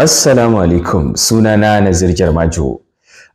Assalamu alaikum sunana Nazir Jarmajo.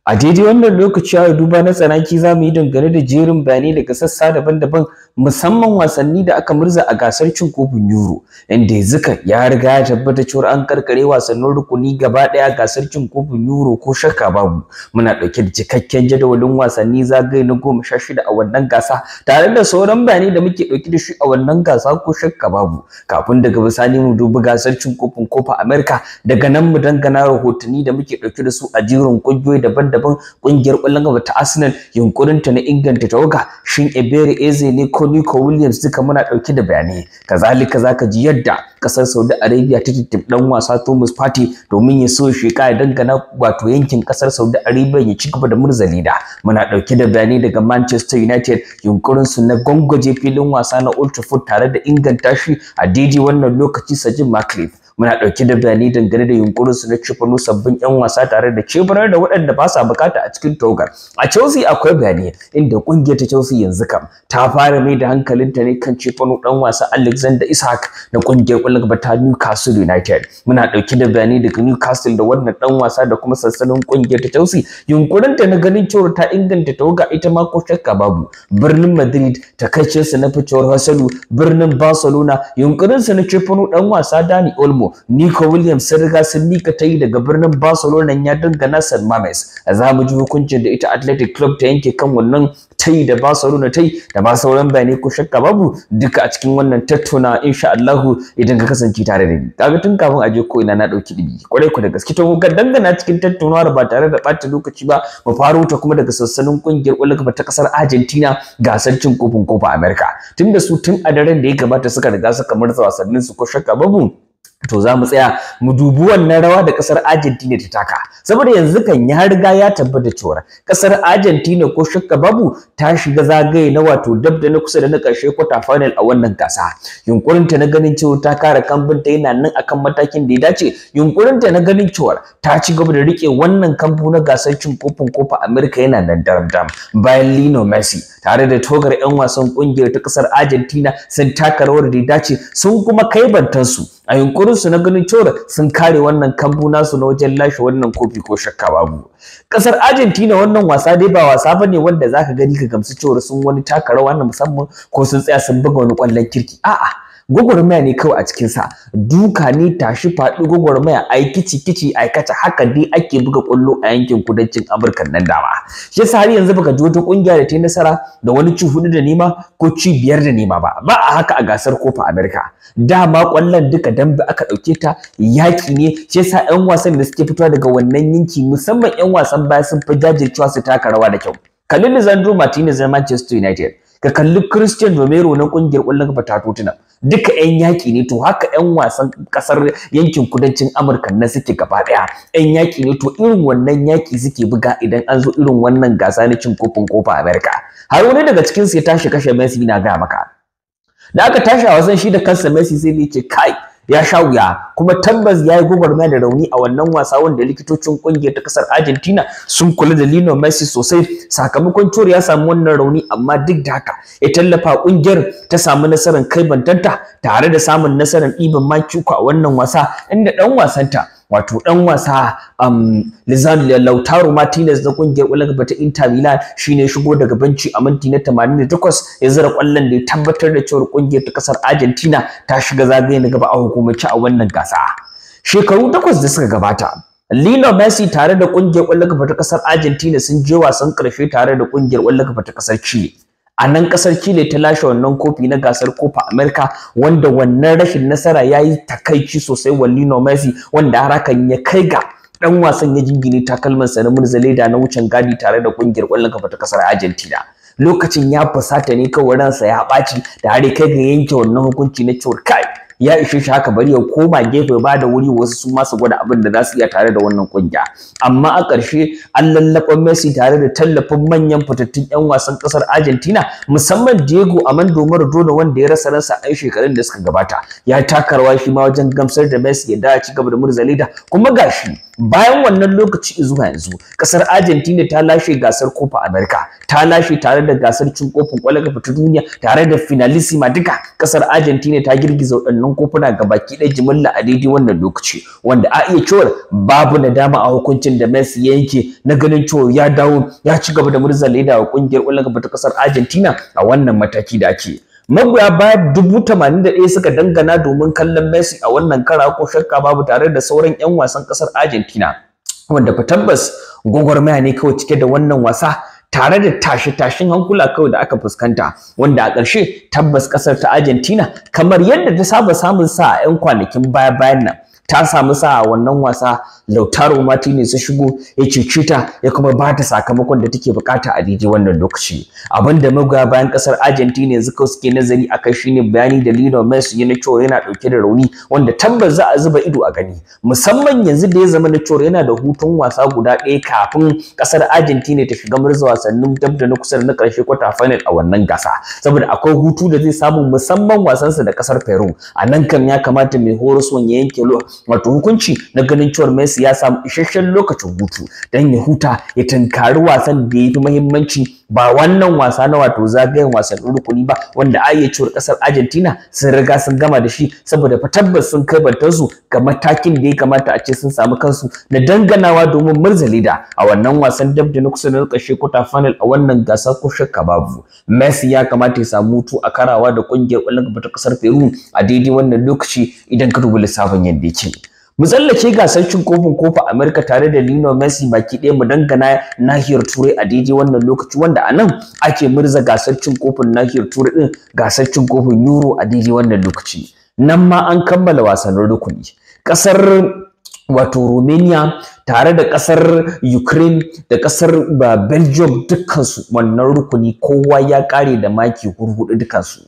A daidai wannan lokaci a duba na tsanaki za mu yi dangane da jerin bayanai daga sassa daban-daban musamman wasanni da aka murza a gasar cin kofin Euro inda zuka ya riga ya tabbata cewa an karkare wasannin rukuni gaba daya gasar cin kofin Euro ko shakka babu muna dauke da cikakken jadawalin wasanni zagaye na goma sha shida a wannan gasa tare da sauran bayani da muke dauke da shi a wannan gasa ko shakka babu kafin daga bisani mu dubi gasar cin kofin Kofa America daga nan mu dangana rahotanni da muke dauke da su a jerin kungiyoyi daban-daban kungiyar kwallon gaba ta Arsenal yunkurinta na inganta tawaga shin Ebere Eze ne ko Nico Williams duka muna dauke da bayanai kazalika zaka ji yadda ƙasar Saudi Arabia ta tittib dan wasa Thomas Partey domin ya so shi kai dangana wato yankin ƙasar Saudi Arabia ya ci gaba da murzali da muna dauke da bayani daga Manchester United yunkurin su na gongoje filin wasa na Old Trafford tare da inganta shi a didi wannan lokaci Sajin Maklif muna ɗauke da bayanai dangane da yunkurin su na cefano sabbin 'yan wasa tare da cefanar da waɗanda ba sa bukata a cikin togar a chelsea akwai bayanai inda ƙungiyar ta chelsea yanzu kam ta fara mai da hankalinta ne kan cefano ɗan wasa alexander isaac na ƙungiyar ƙwallon ta newcastle united muna ɗauke da bayanai daga newcastle da wannan ɗan wasa da kuma sansanin ƙungiyar ta chelsea Yunƙurinta na ganin cewa ta inganta tawaga ita ma ko shakka babu birnin madrid takaicinsa na ficewar hasalu birnin barcelona yunkurinsa na cefano ɗan wasa dani olmo Romo, Nico Williams sun riga sun mika ta yi daga birnin Barcelona ya dangana San Mames. Za mu ji hukuncin da ita Athletic Club ta yanke kan wannan ta yi da Barcelona ta yi da ma sauran bayanai ko shakka babu duka a cikin wannan tattauna insha Allah idan ka kasance tare da ni. Kaga tun kafin a je ko ina na dauki dibi. Kwarai ku da gaske to ga dangana cikin tattaunawar ba tare da ɓata lokaci ba mu faro ta kuma daga sassanin kungiyar Olympic ta kasar Argentina gasar cin kofin kofa America. Tunda su tun a daren da ya gabata suka riga suka murza wasannin su ko shakka babu to za mu tsaya mu dubi wannan rawa da ƙasar Argentina ta taka saboda yanzu kan ya riga ya tabbata cewa Ƙasar Argentina ko shakka babu ta shiga zagaye na wato dab da na kusa da na ƙarshe quarter final a wannan gasa yunkurin ta na ganin cewa ta kare kambin ta yana nan akan matakin da ya dace yunkurin ta na ganin cewa ta ci gaba da rike wannan kambu na gasar cin kofin kofa America yana nan daram daram bayan Lionel Messi tare da togar 'yan wasan kungiyar ta kasar Argentina sun taka rawar da dace sun kuma kai bantansu a yunkurin su na ganin cewa sun kare wannan kambu nasu na wajen lashe wannan kofi ko shakka babu kasar Argentina wannan wasa dai ba wasa bane wanda zaka gani ka gamsu cewa sun wani taka rawa na musamman ko sun tsaya sun buga wani kwallon kirki a'a gwagwarmaya ne kawai a cikinsa duka ni tashi faɗi gwagwarmaya a yi kici kici a kaca haka dai ake buga ƙwallo a yankin kudancin amurka nan dama shi yasa har yanzu baka ji wata ƙungiya da ta yi nasara da wani ci hudu da nema ko ci biyar da nema ba ba a haka a gasar kofa amurka dama ƙwallon duka dambe aka ɗauke ta yaƙi ne shi yasa 'yan wasan da suke fitowa daga wannan yanki musamman 'yan wasan baya sun fi jajircewa su taka rawa da kyau kalin Lisandro Martinez na Manchester United ka kalli Christian Romero na kungiyar kwallon kafa ta duka yan yaki ne to haka yan wasan kasar yankin kudancin Amurka na suke gaba daya yan yaki ne to irin wannan yaki suke buga idan an zo irin wannan gasa na cin kofin kofa America har wani daga cikin su ya tashi kashe Messi na ga maka da aka tashi a wasan shi da kansa Messi sai ne ce kai ya sha wuya kuma tabbas ya yi gwagwarmaya da rauni a wannan wasa wanda likitocin kungiyar ta kasar Argentina sun kula da Lino Messi sosai sakamakon Chori ya samu wannan rauni amma duk da haka ya tallafa kungiyar ta samu nasarar kai bantanta tare da samun nasarar ɗiban makiku a wannan wasa inda ɗan wasanta wato ɗan wasa um, Lizan Lautaro Martinez na kungiyar Ulaga ta Inter Milan shine shigo daga banci a minti na 88 ya zira kwallon da ya tabbatar da cewa kungiyar ta kasar Argentina ta shiga zagaye na gaba a hukumance a wannan gasa matasa shekaru takwas da suka gabata Lino Messi tare da kungiyar kwallon kafa ta kasar Argentina sun je wasan ƙarshe tare da kungiyar ƙwallon kafa ta kasar Chile a nan ƙasar Chile ta lashe wannan kofi na gasar Copa America wanda wannan rashin nasara ya yi takaici sosai wa Lionel Messi wanda har hakan ya kai ga dan wasan ya jingine takalmansa na murzaleda na wucin gadi tare da kungiyar ƙwallon kafa ta kasar Argentina lokacin ya fusata ne kawai ransa ya ɓaci da har kai ga yanke wannan hukunci na cewar kai ya ishe shi haka bari ya koma gefe ba da wuri wasu su ma gwada abin da za su iya tare da wannan kungiya amma a ƙarshe an lallaɓa Messi tare da tallafin manyan fitattun 'yan wasan ƙasar Argentina musamman Diego Armando Maradona wanda ya rasa ransa a shekarun da suka gabata ya takarwa shi ma wajen gamsar da Messi ya da ci gaba da murzali da kuma gashi bayan wannan lokaci zuwa yanzu kasar argentina ta lashe gasar kofa america ta lashe tare da gasar cin kofin kwallon kafa ta duniya tare da finalissima duka kasar argentina ta girgiza waɗannan kofuna ga baki ɗaya jimilla a daidai wannan lokaci wanda a iya cewa babu nadama a hukuncin da messi yanke na ganin cewa ya dawo ya ci gaba da murza leda wa ƙungiyar kwallon kafa ta kasar argentina a wannan mataki da ake magoya baya dubu tamanin da ɗaya suka dangana domin kallon Messi a wannan kara ko shakka babu tare da sauran 'yan wasan ƙasar Argentina wanda fa tabbas gwagwarmaya ne kawai cike da wannan wasa tare da tashe-tashen hankula kawai da aka fuskanta wanda a ƙarshe tabbas ƙasar ta Argentina kamar yadda ta saba samun sa a 'yan kwanakin baya-bayan nan ta samu sa a wannan wasa Lautaro ne su shigo ya cece ya kuma ba ta sakamakon da take bukata a daidai wannan lokaci abin da magoya bayan kasar Argentina yanzu kawai suke nazari akan shine bayani da Lionel Messi yana cewa yana dauke da rauni wanda tabbas za a zuba ido a gani musamman yanzu da ya zama na cewa yana da hutun wasa guda ɗaya kafin kasar Argentina ta shiga murza wasannin dab da na kusa na karshe kwata final a wannan gasa saboda akwai hutu da zai samu musamman wasansa da kasar Peru a nan kam ya kamata mai horoswan ya yanke wato hukunci na ganin cewar Messi ya samu isasshen lokacin hutu don ya huta ya tunkari wasan da ya fi muhimmanci ba wannan wasa na wato zagayen wasan rukuni ba wanda ayyaciwar kasar Argentina sun riga sun gama da shi saboda fa tabbas sun kai su ga matakin da ya kamata a ce sun samu kansu na danganawa domin murzali da a wannan wasan dab da na kusa na ƙarshe kwata final a wannan gasar ko shakka babu Messi ya kamata ya samu hutu a karawa da kungiyar ƙwallon gaba ta kasar Peru a daidai wannan lokaci idan ka dubi lissafin yadda yake mu tsallake gasar cin kofin kofa Amerika tare da Lino Messi baki ɗaya mu dangana nahiyar Turai a daidai wannan lokaci wanda a nan ake murza gasar cin kofin nahiyar Turai din gasar cin kofin Euro a daidai wannan lokaci nan ma an kammala wasannin rukuni ƙasar wato Romania tare da ƙasar Ukraine da ƙasar Belgium dukkansu wannan rukuni kowa ya ƙare da maki hurhuɗu dukkansu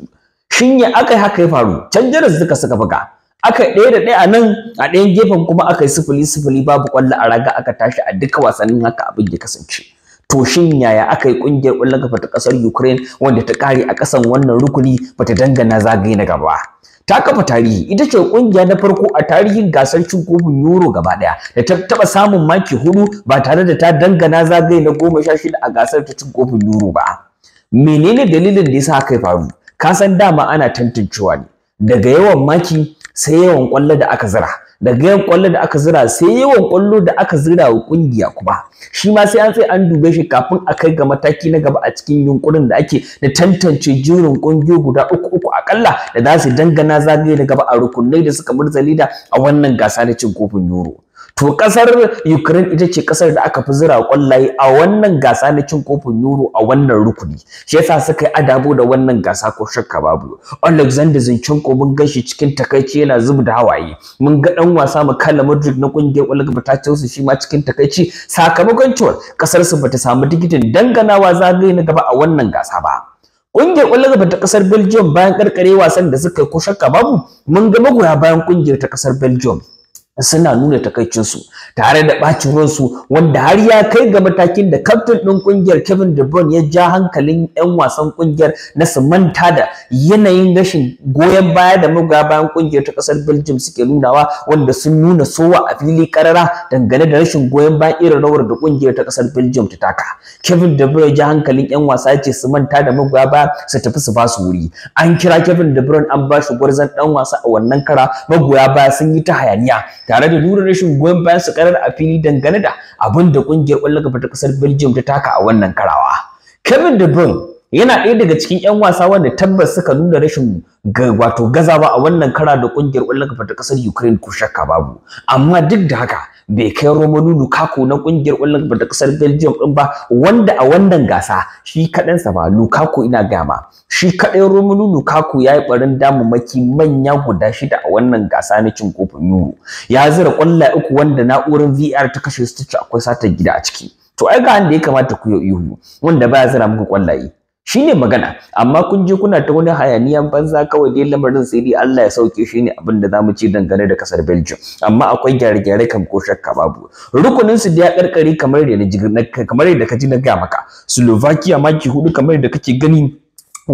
shin ya aka haka ya faru can jaras duka suka buga aka ɗaya da ɗaya a nan a ɗayan gefen kuma aka yi sifili sifili babu ƙwallo a raga aka tashi a duka wasannin haka abin ya kasance to shin yaya aka yi ƙungiyar ƙwallon kafa ta ƙasar Ukraine wanda ta ƙare a ƙasan wannan rukuni ba ta dangana zagaye na gaba ta kafa tarihi ita ce ƙungiya na farko a tarihin gasar cin kofin euro gaba ɗaya, da ta taba samun maki hudu ba tare da ta dangana zagaye na goma sha shida a gasar ta cin kofin euro ba menene dalilin da ya sa aka ya faru ka san dama ana tantancewa ne daga yawan maki sai yawan kwallo da aka zira daga yawan kwallo da aka zira sai yawan kwallo da aka zira wa kungiya kuma shi ma sai an tsai an dube shi kafin a kai ga mataki na gaba a cikin yunkurin da ake da tantance jirin kungiyo guda uku uku akalla da za su dangana zagaye na gaba a rukunai da suka murzali da a wannan gasa na cin kofin yoro. to kasar Ukraine ita ce kasar da aka fi zira kwallaye a wannan gasa na cin kofin Euro a wannan rukuni shi yasa suka yi adabo da wannan gasa ko shakka babu Alexander Zinchenko mun gashi cikin takaici yana zubu da hawaye mun ga ɗan wasa Mikhail Madrid na kungiyar ba ta Chelsea shi ma cikin takaici sakamakon cewa kasar su bata samu digitin danganawa zagaye na gaba a wannan gasa ba Ƙungiyar ƙwallon ba ta ƙasar Belgium bayan ƙarƙare wasan da suka yi ko shakka babu mun ga magoya bayan ƙungiyar ta ƙasar Belgium suna nuna takaicinsu tare da ɓacin ransu wanda har ya kai ga matakin da kaftin ɗin ƙungiyar Kevin De Bruyne ya ja hankalin 'yan wasan ƙungiyar na su manta da yanayin rashin goyon baya da magoya bayan ƙungiyar ta ƙasar Belgium suke nunawa wanda sun nuna sowa a fili karara dangane da rashin goyon bayan irin rawar da ƙungiyar ta ƙasar Belgium ta taka. Kevin De Bruyne ya ja hankalin 'yan wasa ce su manta da magoya baya su tafi su ba su wuri. An kira Kevin De Bruyne an ba shi gwarzon ɗan wasa a wannan kara magoya baya sun yi ta hayaniya tare da nuna rashin goyon bayan su karar a fili dangane da abin da kungiyar ƙwallon kafa ta ƙasar Belgium ta taka a wannan karawa. Kevin De Bruyne yana ɗaya daga cikin 'yan wasa wanda tabbas suka nuna rashin wato gazawa a wannan kara da kungiyar ƙwallon kafa ta ƙasar Ukraine ko shakka babu. Amma duk da haka bai kai Romelu Lukaku na kungiyar ƙwallon da kasar Belgium din ba wanda a wannan gasa shi sa ba Lukaku ina gama shi kaɗai Romelu Lukaku ya yi ɓarin maki manya guda shida a wannan gasa na cin kofin Euro ya zira ƙwalla uku wanda na'urar VR ta kashe su ta akwai satar gida a ciki to ai ga da ya kamata ku yi ihu wanda ya zira muku ƙwallaye Shi ne magana amma kun je kuna ta wani hayaniyan banza kawai dai lamarin sai dai Allah ya sauke shi ne abin da zamu ci dangane da kasar Belgium amma akwai gyare-gyare kan ko shakka babu rukunin su da ya karkare kamar da kamar da kaji na ga maka Slovakia maki hudu kamar da kake gani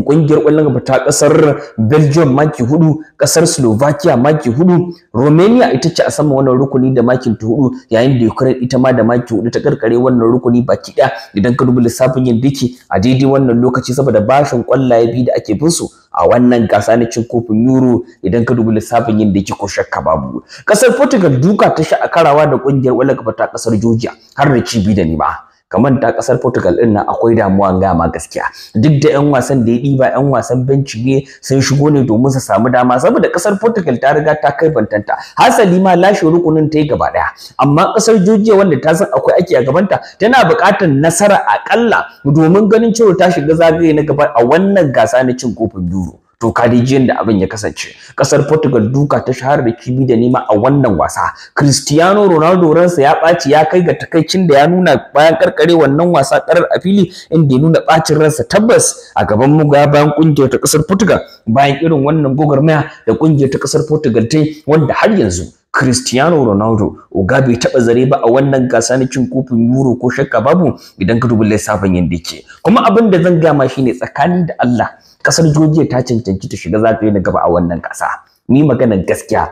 kungiyar kwallon gaba ta kasar Belgium maki hudu, kasar Slovakia maki hudu, Romania ita ce a saman wannan rukuni da makin ta hudu, yayin da Ukraine ita ma da maki hudu ta karkare wannan rukuni baki ɗaya idan ka duba lissafin yin diki a daidai wannan lokaci saboda bashin ƙwallaye biyu da ake bin su a wannan gasa na cin kofin Euro idan ka duba lissafin yin diki ko shakka babu. Kasar Portugal duka ta sha a karawa da kungiyar kwallon gaba ta kasar Georgia har da ci cibi da ni ba. kamar ta kasar Portugal din nan akwai damuwa gama gaskiya duk da yan wasan da ya ɗiba yan wasan benci ne sun shigo ne domin su samu dama saboda kasar Portugal ta riga ta kai bantanta hasali ma lashe rukunin ta yi gaba daya amma kasar Georgia wanda ta san akwai ake a gabanta tana buƙatar nasara akalla domin ganin cewa ta shiga zagaye na gaba a wannan gasa na cin kofin Euro to kadijiyan da abin ya kasance kasar Portugal duka ta shahara da kibi da nema a wannan wasa Cristiano Ronaldo ransa ya ɓaci ya kai ga takaicin da ya nuna bayan karkare wannan wasa karar a fili inda ya nuna ɓacin ransa tabbas a gaban ga bayan kungiyar ta kasar Portugal bayan irin wannan gogarmaya da kungiyar ta kasar Portugal ta wanda har yanzu Cristiano Ronaldo Oga bai taɓa zare ba a wannan gasa na cin kofin Euro ko shakka babu idan ka dubi lissafin yanda yake kuma abin da zan gama shine tsakani da Allah kasar Georgia ta cancanci ta shiga zagaye na gaba a wannan ƙasa. ni maganar gaskiya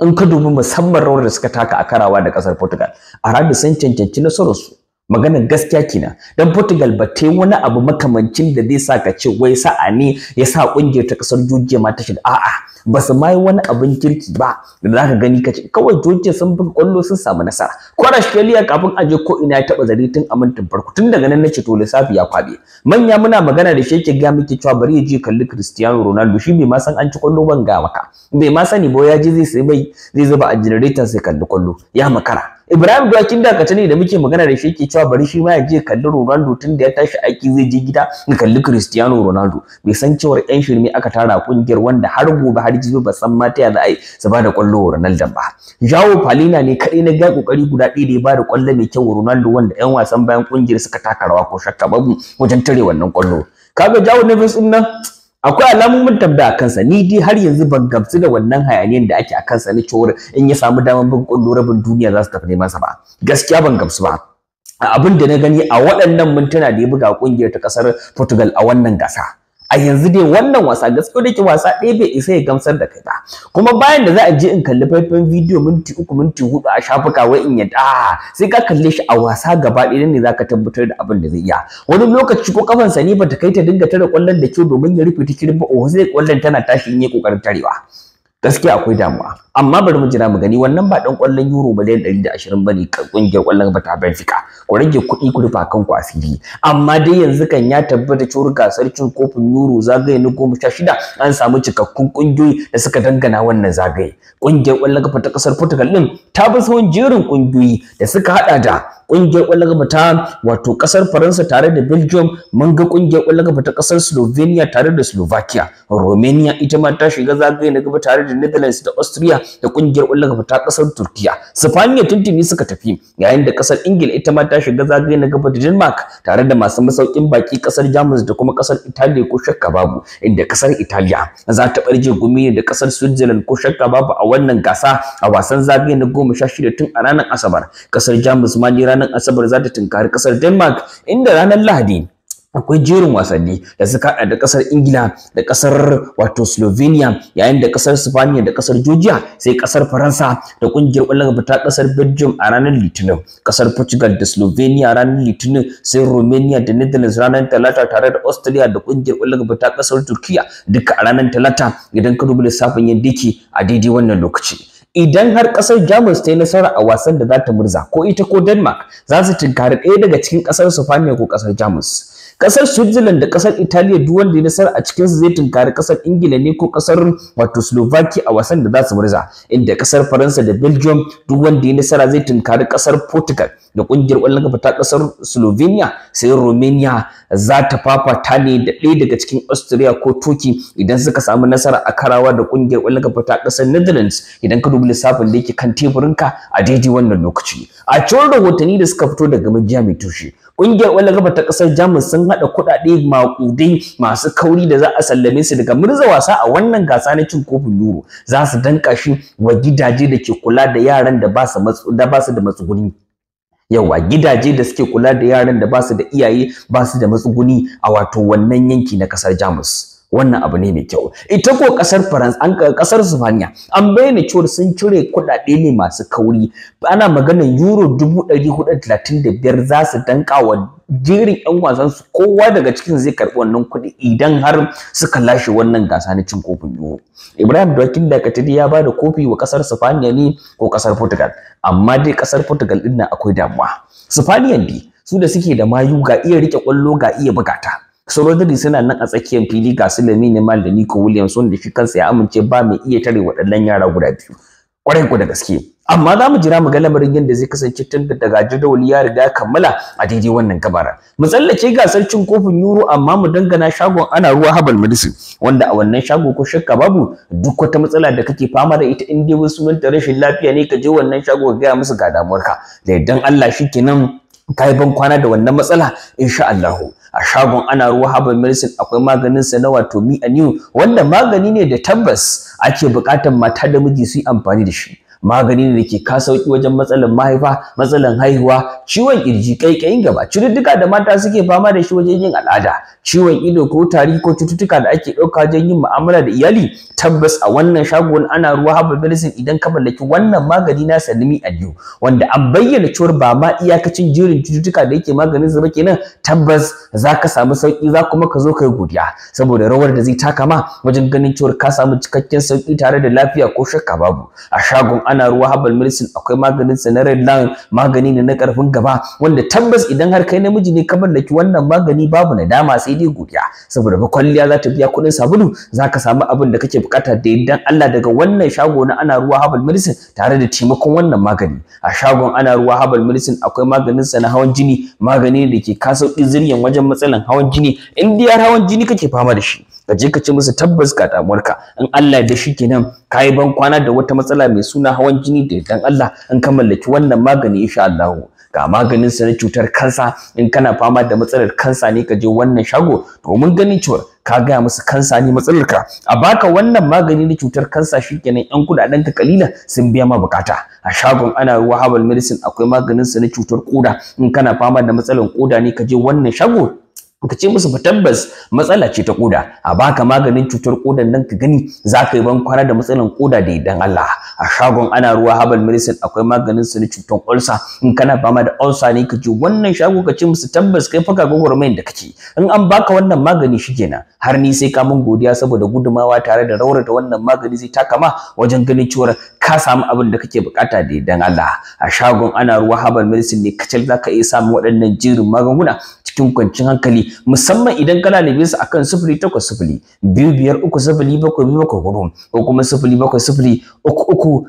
in ka dubi musamman rawar da suka taka a karawa da ƙasar Portugal a da sun cancanci nasararsu maganar gaskiya kenan dan Portugal ba ta wani abu makamancin da zai sa ka ce wai sa'a ne ya sa kungiyar ta kasar Georgia ma ta a'a ba su mai wani abin kirki ba da zaka gani kace kawai Georgia sun buga kwallo sun samu nasara ko Australia kafin a je ko ina ya taba zari tun a mintin farko tun daga nan nace to lissafi ya kwabe manya muna magana da shi yake ga miki cewa bari ya je kalli Cristiano Ronaldo shi bai ma san an ci kwallo ban ga maka bai ma sani ba ya je zai sai bai zai zuba a generator sai kalli kwallo ya makara Ibrahim Dawakin dakata ne da muke magana da shi yake cewa bari shi ma ya je kalli Ronaldo tun da ya tashi aiki zai je gida ya kalli Cristiano Ronaldo bai san cewa ƴan shirme aka tara kungiyar wanda har gobe har jibi ba san ma ta ya za a yi su ba da wa Ronaldo ba Jao Palina ne kadai na ga kokari guda ɗaya da ya ba da kwallo mai kyau wa Ronaldo wanda ƴan wasan bayan kungiyar suka taka rawa ko shakka babu wajen tare wannan kwallo kaga jawo Neves din nan akwai alamomin tambaya a kansa ni dai har yanzu ban gamsu da wannan hayaniyar da ake a kansa na cewar in ya samu damar bin kullu rabin duniya za su tafi neman sa ba gaskiya ban gamsu ba abin da na gani a waɗannan mintuna da ya buga kungiyar ta ƙasar Portugal a wannan gasa a yanzu dai wannan wasa gaskiya da wasa ɗaya bai isa ya gamsar da kai ba kuma bayan da za a je in kalli faifan bidiyo minti uku minti hudu a shafuka wai in yadda ah, sai ka kalle shi a wasa gaba ɗaya ne ka tabbatar da abin da zai iya wani lokaci ko sa ne ta kai ta dinga tare kwallon da kyau domin ya rufe ta ba, o sai kwallon tana tashi in yi kokarin tarewa gaskiya akwai damuwa amma bari mu jira mu gani wannan ba dan kwallon euro miliyan 120 bane kungiyar kwallon bata Benfica ku rage kuɗi ku rufa kanku asiri amma dai yanzu kan ya tabbata cewa gasar cin kofin euro zagaye na goma sha shida an samu cikakkun kungiyoyi da suka dangana wannan zagaye kungiyar kwallon kafa ta kasar Portugal din ta bi sahun jerin kungiyoyi da suka hada da kungiyar kwallon kafa ta wato kasar Faransa tare da Belgium mun ga kungiyar kwallon kafa ta kasar Slovenia tare da Slovakia Romania ita ma ta shiga zagaye na gaba tare da da Netherlands da Austria da kungiyar Ullaka ta kasar Turkiya Sifaniya tuntuni suka tafi yayin da kasar Ingila ita ma ta shiga zagaye na gaba da Denmark tare da masu masaukin baki kasar Jamus da kuma kasar Italy ko shakka babu inda kasar Italiya za ta barje gumi da kasar Switzerland ko shakka babu a wannan gasa a wasan zagaye na goma sha shida tun a ranar Asabar kasar Jamus ma ne ranar Asabar za ta tunkari kasar Denmark inda ranar Lahadi akwai jerin wasanni da suka hada da kasar ingila da kasar wato slovenia yayin da kasar Spain da kasar georgia sai kasar faransa da kungiyar kwallon gaba ta kasar belgium a ranar litinin kasar portugal da slovenia ranar litinin sai romania da netherlands ranar talata tare da austria da kungiyar kwallon gaba ta kasar turkiya duka a ranar talata idan ka duba lissafin yadda yake a daidai wannan lokaci idan har kasar Jamus ta yi nasara a wasan da za ta murza ko ita ko Denmark za su tunkari ɗaya daga cikin kasar Spaniya ko kasar Jamus kasar switzerland da kasar italiya duk wanda ya nasara a cikin su zai tunkari kasar ingila ne ko kasar wato slovakia a wasan da za su murza inda kasar faransa da belgium duk wanda ya nasara zai tunkari kasar portugal da kungiyar kwallon kafa ta kasar slovenia sai romania za ta fafata ne da ɗaya daga cikin austria ko turkey idan suka samu nasara a karawa da kungiyar kwallon kafa ta kasar netherlands idan ka dubi lissafin da yake kan teburinka a daidai wannan lokaci a cikin rahotanni da suka fito daga majiya mai tushe Ƙungiyar ƙwallon ta ƙasar Jamus sun haɗa kuɗaɗe maƙudai masu kauri da za a sallame su daga murza wasa a wannan gasa na cin kofin Euro. Za su danka shi wa gidaje da ke kula da yaran da ba su da matsuguni. yawa gidaje da suke kula da yaran da ba su da iyaye ba su da matsuguni a wato wannan yanki na ƙasar Jamus. wannan abu ne mai kyau ita ko kasar France an kasar Spaniya an bayyana cewa sun cire kuɗaɗe ne masu kauri ana maganar euro 435 za su danka wa jerin yan wasan su kowa daga cikin zai karbi wannan kuɗi idan har suka lashe wannan gasa na cin kofin euro Ibrahim Dokin da Katidi ya bada kofi wa kasar Spaniya ne ko kasar Portugal amma dai kasar Portugal din nan akwai damuwa Spaniya din su da suke da mayu ga iya rike kwallo ga iya bugata Rodri suna nan a tsakiyar fili ga su Lamine Mal da Nico Williams wanda shi kansa ya amince ba mai iya tare waɗannan yara guda biyu. Kwarai ku da gaske. amma za mu jira mu ga lamarin yadda zai kasance tun da daga jadawali ya riga kammala a daidai wannan gabara mu tsallake gasar cin kofin euro amma mu dangana shagon ana ruwa habal medicine wanda a wannan shago ko shakka babu duk wata matsala da kake fama da ita in dai wasu mun rashin lafiya ne ka je wannan shago gaya musu ga damuwarka da idan Allah shi shikenan ka yi kwana da wannan matsala insha Allah a shagon ana ruwa herbal medicine akwai maganin sa na wato mi a new wanda magani ne da tabbas ake buƙatar mata da miji su yi amfani da shi magani ne da ke ka sauki wajen matsalan mahaifa matsalan haihuwa ciwon kirji kaikayin gaba cututtuka da mata suke fama da shi wajen yin al'ada ciwon ido ko tari ko cututtuka da ake ɗauka wajen yin mu'amala da iyali tabbas a wannan shagon ana ruwa haba medicine idan ka mallaki wannan magani na salimi adiyo wanda an bayyana cewar ba ma iyakacin jerin cututtuka da yake maganin zuba kenan tabbas za ka samu sauki za kuma ka zo kai godiya saboda rawar da zai taka ma wajen ganin cewar ka samu cikakken sauki tare da lafiya ko shakka babu a shagon ana ruwa herbal medicine akwai maganin sa na red line magani ne na karfin gaba wanda tabbas idan har kai namiji ne ka mallaki wannan magani babu na dama sai dai godiya saboda ba kwalliya za ta biya kuɗin sabulu za ka samu abin da kake bukata da yaddan Allah daga wannan shago na ana ruwa herbal medicine tare da taimakon wannan magani a shagon ana ruwa herbal medicine akwai maganin sa na hawan jini magani da ke kasauki ziryan wajen matsalan hawan jini in hawan jini kake fama da shi ka je ka ce musu tabbas ga ka in Allah da shi kenan ka ban kwana da wata matsala mai suna hawan jini da dan Allah in ka mallaki wannan magani insha Allah ga maganin sa na cutar kansa in kana fama da matsalar kansa ne ka je wannan shago domin ganin cewa ka gaya musu kansa ne matsalar ka a baka wannan magani na cutar kansa shikenan yan kudaden ta kalila sun biya ma bukata a shagon ana ruwa herbal medicine akwai maganin sa na cutar koda in kana fama da matsalar koda ne ka je wannan shago ka ce musu tabbas matsala ce ta koda a baka maganin cutar kodan nan ka gani za ka yi ban kwana da matsalan koda da idan Allah a shagon ana ruwa habal medicine akwai maganin su na cutar ulcer in kana fama da ulcer ne ka ji wannan shago ka ce musu tabbas kai faka gwagwarmayin da kake in an baka wannan magani shikenan har ni sai ka mun godiya saboda gudumawa tare da raurata wannan magani zai taka ma wajen ganin cewa ka samu abin da kake bukata da idan Allah a shagon ana ruwa habal medicine ne kacal za ka iya samun waɗannan jirin magunguna cikin kwancin hankali musamman idan kana nemi su akan 0800 biyu sifili bakwai biyu ko kuma sifili bakwai sifili uku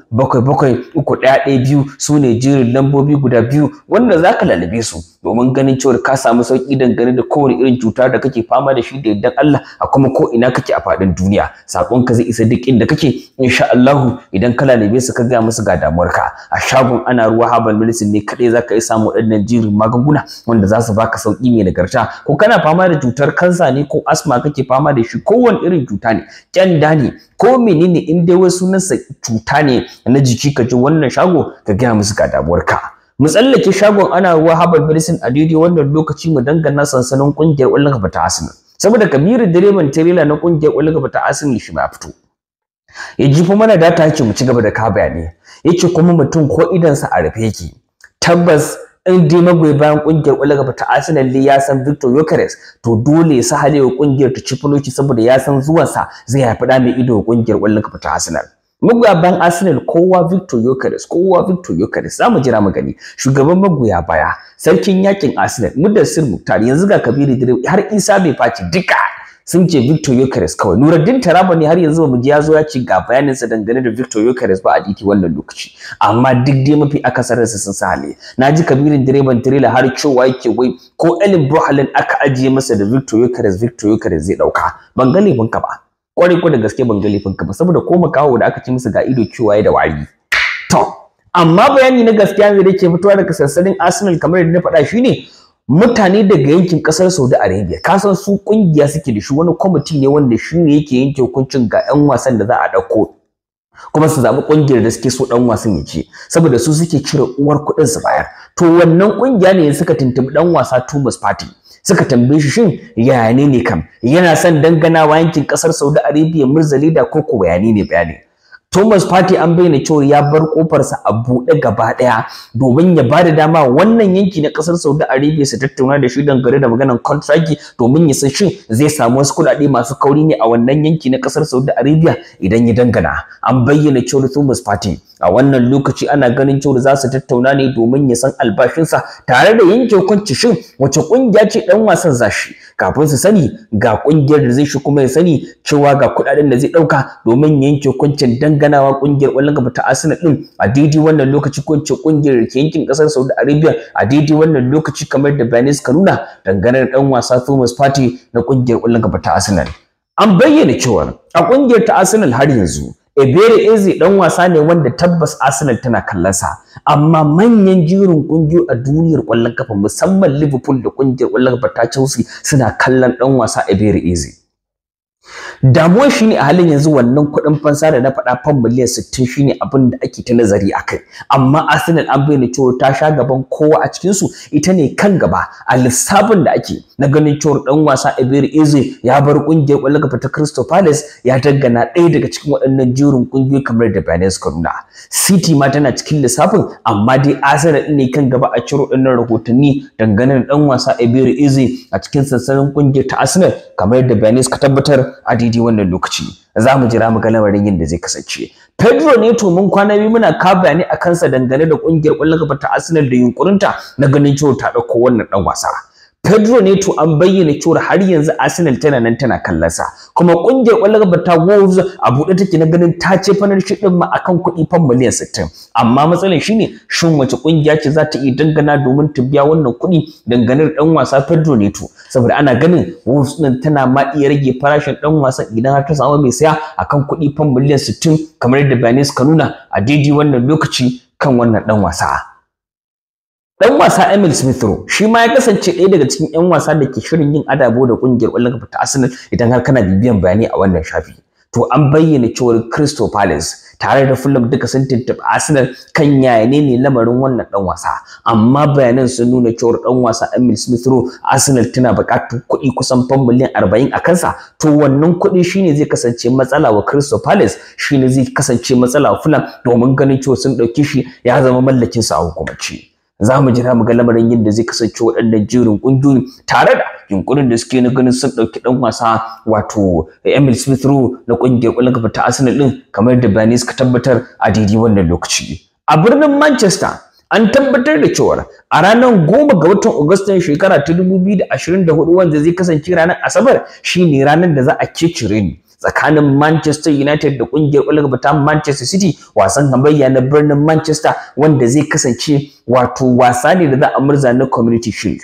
su jerin lambobi guda biyu wanda za ka lalabe su domin ganin cewa ka samu sauki dangane da kowane irin cuta da kake fama da shi da yaddan Allah a kuma ko ina kake a faɗin duniya sakon ka zai isa duk inda kake insha Allah idan ka lalabe su ka ga musu ga damuwar ka a shagon ana ruwa habal medicine ne kadai zaka yi samu waɗannan jirin magunguna wanda za su baka sauki mai nagarta ko kana fama da cutar kansa ne ko asma kake fama da shi kowane irin cuta ne kyanda ne ko menene in dai wasu nasa cuta ne na jiki ka ji wannan shago ka gaya musu ga damuwar ka mu tsallake shagon ana ruwa Harvard Medicine a daidai wannan lokaci mu dangana sansanin kungiyar ƙwallon kafa ta Arsenal saboda Kabiru direban tirela na kungiyar ƙwallon kafa ta Arsenal shi ma fito ya jifo mana data yake mu ci gaba da ka bayani yace kuma mutum ko sa a rufe yake tabbas in dai magoyi bayan kungiyar ƙwallon gaba ta Arsenal ne ya san Victor Yokeres to dole sa halewa kungiyar ta ci saboda ya san zuwansa zai haifi da mai ido kungiyar ƙwallon gaba ta Arsenal magoya Arsenal kowa Victor Yokeres kowa Victor za zamu jira mu gani shugaban magoya baya sarkin yakin Arsenal Mudassir Muktar yanzu ga Kabiru Dire har Isa bai faci duka sun ce Victor Yokeres kawai Nuruddin Taraba ne har yanzu mu ji ya zo ya ci ga bayanin sa dangane da Victor Yokeres ba a diki wannan lokaci amma duk dai mafi akasarin sa sun sa hali naji Kabirin direban trailer har cewa yake wai ko Elin Brohalin aka ajiye masa da Victor Yokeres Victor Yokeres zai dauka ban gane ban ka ba kwarai ko da gaske ban ga laifin ba saboda ko makaho da aka ci musu ga ido cewa ya da wari to amma bayani na gaskiya da yake fitowa daga sansanin Arsenal kamar yadda na faɗa shi ne mutane daga yankin kasar Saudi Arabia ka san su ƙungiya suke da shi wani kwamiti ne wanda shi ne yake yanke hukuncin ga 'yan wasan da za a ɗauko kuma su zaɓi ƙungiyar da suke so ɗan wasan ya ce saboda su suke cire uwar kuɗin su bayar to wannan ƙungiya ne suka tuntumi ɗan wasa Thomas Partey suka tambaye shi shin yayane ne kam yana son danganawa yankin kasar Saudi Arabia murzali da koko bayani ne bayani Thomas Party an bayyana cewa ya bar kofarsa a buɗe gaba ɗaya domin ya bada dama wannan yanki na ƙasar Saudi Arabia su tattauna da shi gare da maganar contract domin ya san shin zai samu wasu kuɗaɗe masu kauri ne a wannan yanki na kasar Saudi Arabia idan ya dangana. An bayyana cewa Thomas Party a wannan lokaci ana ganin cewa za su tattauna ne domin ya san albashinsa tare da yanke hukunci shin wace kungiya ce ɗan wasan zashi kafin su sani ga kungiyar da zai shi kuma ya sani cewa ga kudaden da zai dauka domin yanke hukuncin danganawa kungiyar kwallon gaba ta Arsenal din a daidai wannan lokaci ko ce kungiyar ke yankin kasar Saudi Arabia a daidai wannan lokaci kamar da Benis Kanuna dangane da dan wasa Thomas Partey na kungiyar kwallon gaba ta Arsenal an bayyana cewa a kungiyar ta Arsenal har yanzu Ebere Eze dan wasa ne wanda tabbas Arsenal tana kallonsa amma manyan jirin kungiyo a duniyar kwallon kafa musamman Liverpool da kungiyar kwallon kafa ta Chelsea suna kallon dan wasa Ebere Eze damuwar shine a halin yanzu wannan kuɗin fansa da na faɗa fan miliyan sittin shine ne abin da ake ta nazari a kai amma arsenal an bayyana cewa ta sha gaban kowa a cikinsu ita ne kan gaba a lissafin da ake na ganin cewa ɗan wasa ibiri eze ya bar ƙungiyar ƙwallon kafa ta crystal palace ya dangana ɗaya daga cikin waɗannan jerin ƙungiyoyi kamar da bayanais nuna. city ma tana cikin lissafin amma dai arsenal ne kan gaba a ciro waɗannan rahotanni dangane da ɗan wasa ibiri eze a cikin sansanin ƙungiyar ta arsenal kamar da bayanai ka tabbatar a didi wannan lokaci za mu jira mu ga lamarin yadda zai kasance Pedro ne to mun kwana biyu muna ka bayani a kansa dangane da kungiyar kwallon kafa ta Arsenal da yunkurinta na ganin cewa ta dauko wannan dan wasa Pedro Neto an bayyana cewa har yanzu Arsenal tana nan tana kallon kuma kungiyar kwallon gaba Wolves a buɗe take na ganin ta ce fanar shi din ma akan kuɗi fan miliyan 60 amma matsalar shine shin wace kungiya ce za ta iya dangana domin ta biya wannan kuɗi danganar dan wasa Pedro Neto saboda ana ganin Wolves din tana ma iya rage farashin dan wasa idan har ta samu mai saya akan kuɗi fan miliyan 60 kamar da bayanai Kanuna nuna a daidai wannan lokaci kan wannan dan wasa dan wasa Emil Smith Rowe shi ma ya kasance ɗaya daga cikin ƴan wasa da ke shirin yin adabo da ƙungiyar ƙwallon kafa ta Arsenal idan har kana bibiyan bayani a wannan shafi to an bayyana cewa Crystal Palace tare da Fulham duka sun tuntuɓi Arsenal kan yayane ne lamarin wannan dan wasa amma bayanan sun nuna cewa ɗan wasa Emil Smith Rowe Arsenal tana buƙatar kuɗi kusan fam miliyan 40 a kansa to wannan kuɗi shine zai kasance matsala wa Crystal Palace shine zai kasance matsala wa Fulham domin ganin cewa sun ɗauki shi ya zama mallakin sa a hukumance za mu jira mu ga lamarin yadda zai kasance waɗannan jerin ƙungiyoyi tare da yunkurin da suke na ganin sun ɗauki ɗan wasa wato Emil Smith Rowe na ƙungiyar ƙwallon kafa ta Arsenal ɗin kamar da bayanai suka tabbatar a daidai wannan lokaci. A birnin Manchester an tabbatar da cewa a ranar goma ga watan Agustan shekara ta hudu wanda zai kasance ranar Asabar shine ranar da za a cire ni. tsakanin Manchester United da kungiyar ƙwallon ta Manchester City wasan hamayya na birnin Manchester wanda zai kasance wato wasa ne da za a murza na Community Shield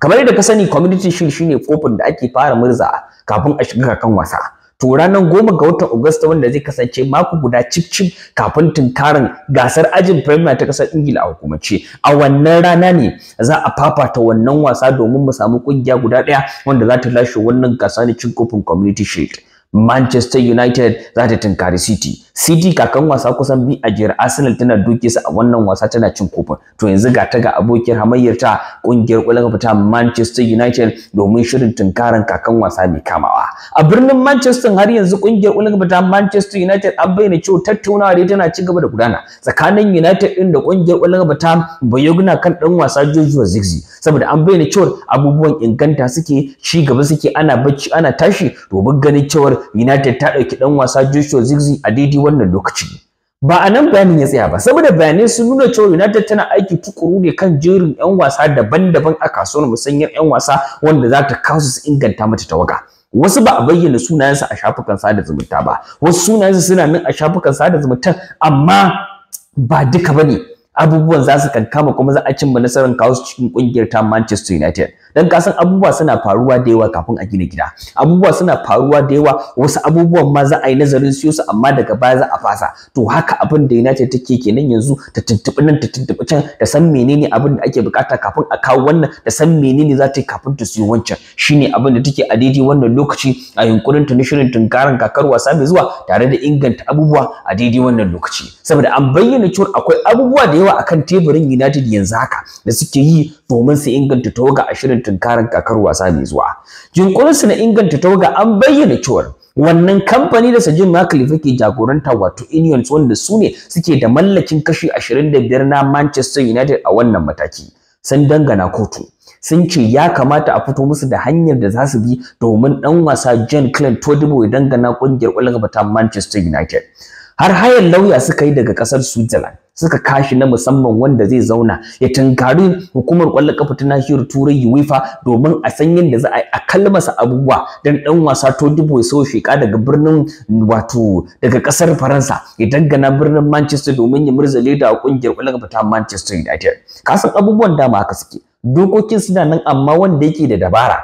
kamar yadda ka sani Community Shield shine kofin da ake fara murza kafin a shiga kan wasa to ranar goma ga watan Agusta wanda zai kasance mako guda cif cif kafin tunkarin gasar ajin Premier ta kasar Ingila a hukumance a wannan rana ne za a fafata wannan wasa domin mu samu kungiya guda ɗaya wanda za ta lashe wannan gasa ne cin kofin Community Shield Manchester United za ta tunkari City. City kakan wasa kusan bi a jiyar Arsenal tana duke su a wannan wasa tana cin kofin. To yanzu ga ta ga abokin hamayyar ta kungiyar kwallon kafa ta Manchester United domin shirin tunkaran kakan wasa mai kamawa. A birnin Manchester har yanzu kungiyar kwallon kafa ta Manchester United an bayyana cewa tattaunawa dai tana cigaba da gudana tsakanin United din da kungiyar kwallon kafa ta Bayogna kan dan wasa Joshua zigzi saboda an bayyana cewa abubuwan inganta suke ci gaba suke ana bacci ana tashi domin ganin cewar United ta dauki dan wasa Joshua Zigzi a daidai wannan lokacin. Ba a nan bayanin ya tsaya ba, saboda bayanai sun nuna cewa United tana aiki tukuru ne kan jerin 'yan wasa daban-daban a kasuwar musanyar 'yan wasa wanda za ta kawo su inganta mata tawaga. wasu ba a bayyana sunayensu a shafukan sada zumunta ba wasu sunayensu suna nan a shafukan sada zumunta amma ba duka bane abubuwan za su kankama kuma za a cimma nasarar kawo su cikin kungiyar ta Manchester United dan ka abubuwa suna faruwa da yawa kafin a gina gida abubuwa suna faruwa da yawa wasu abubuwan ma za a yi nazarin siyo su amma daga baya za a fasa to haka abin da United take kenan yanzu ta tuntubi nan ta tuntubi can ta san menene abin da ake bukata kafin a kawo wannan ta san menene za ta yi kafin ta siyo wancan shine abin da take a daidai wannan lokaci a yunkurin ta na shirin tunkaran kakar wasa mai zuwa tare da inganta abubuwa a daidai wannan lokaci saboda an bayyana cewa akwai abubuwa da yawa akan teburin United yanzu haka da suke yi domin su inganta toga a shirin tunkarar kakar wasa mai zuwa. su na inganta toga an bayyana cewar wannan kamfani da Sajin Makalif yake jagoranta wato Unions wanda su ne suke da mallakin kashi 25 na Manchester United a wannan mataki. Sun dangana kotu. sun ce ya kamata a fito musu da hanyar da za su bi domin ɗan wasa John Clint Todibo ya dangana ƙungiyar ƙwallon Manchester United. Har hayan lauya suka yi daga ƙasar Switzerland suka kashi na musamman wanda zai zauna ya tunkari hukumar kwallon kafa ta nahiyar turai UEFA domin a san yadda za a yi a kalmasa abubuwa don dan wasa to ya sau daga birnin wato daga kasar Faransa ya dangana birnin Manchester domin ya murzale da kungiyar kwallon kafa ta Manchester United kasan abubuwan dama haka suke dokokin suna nan amma wanda yake da dabara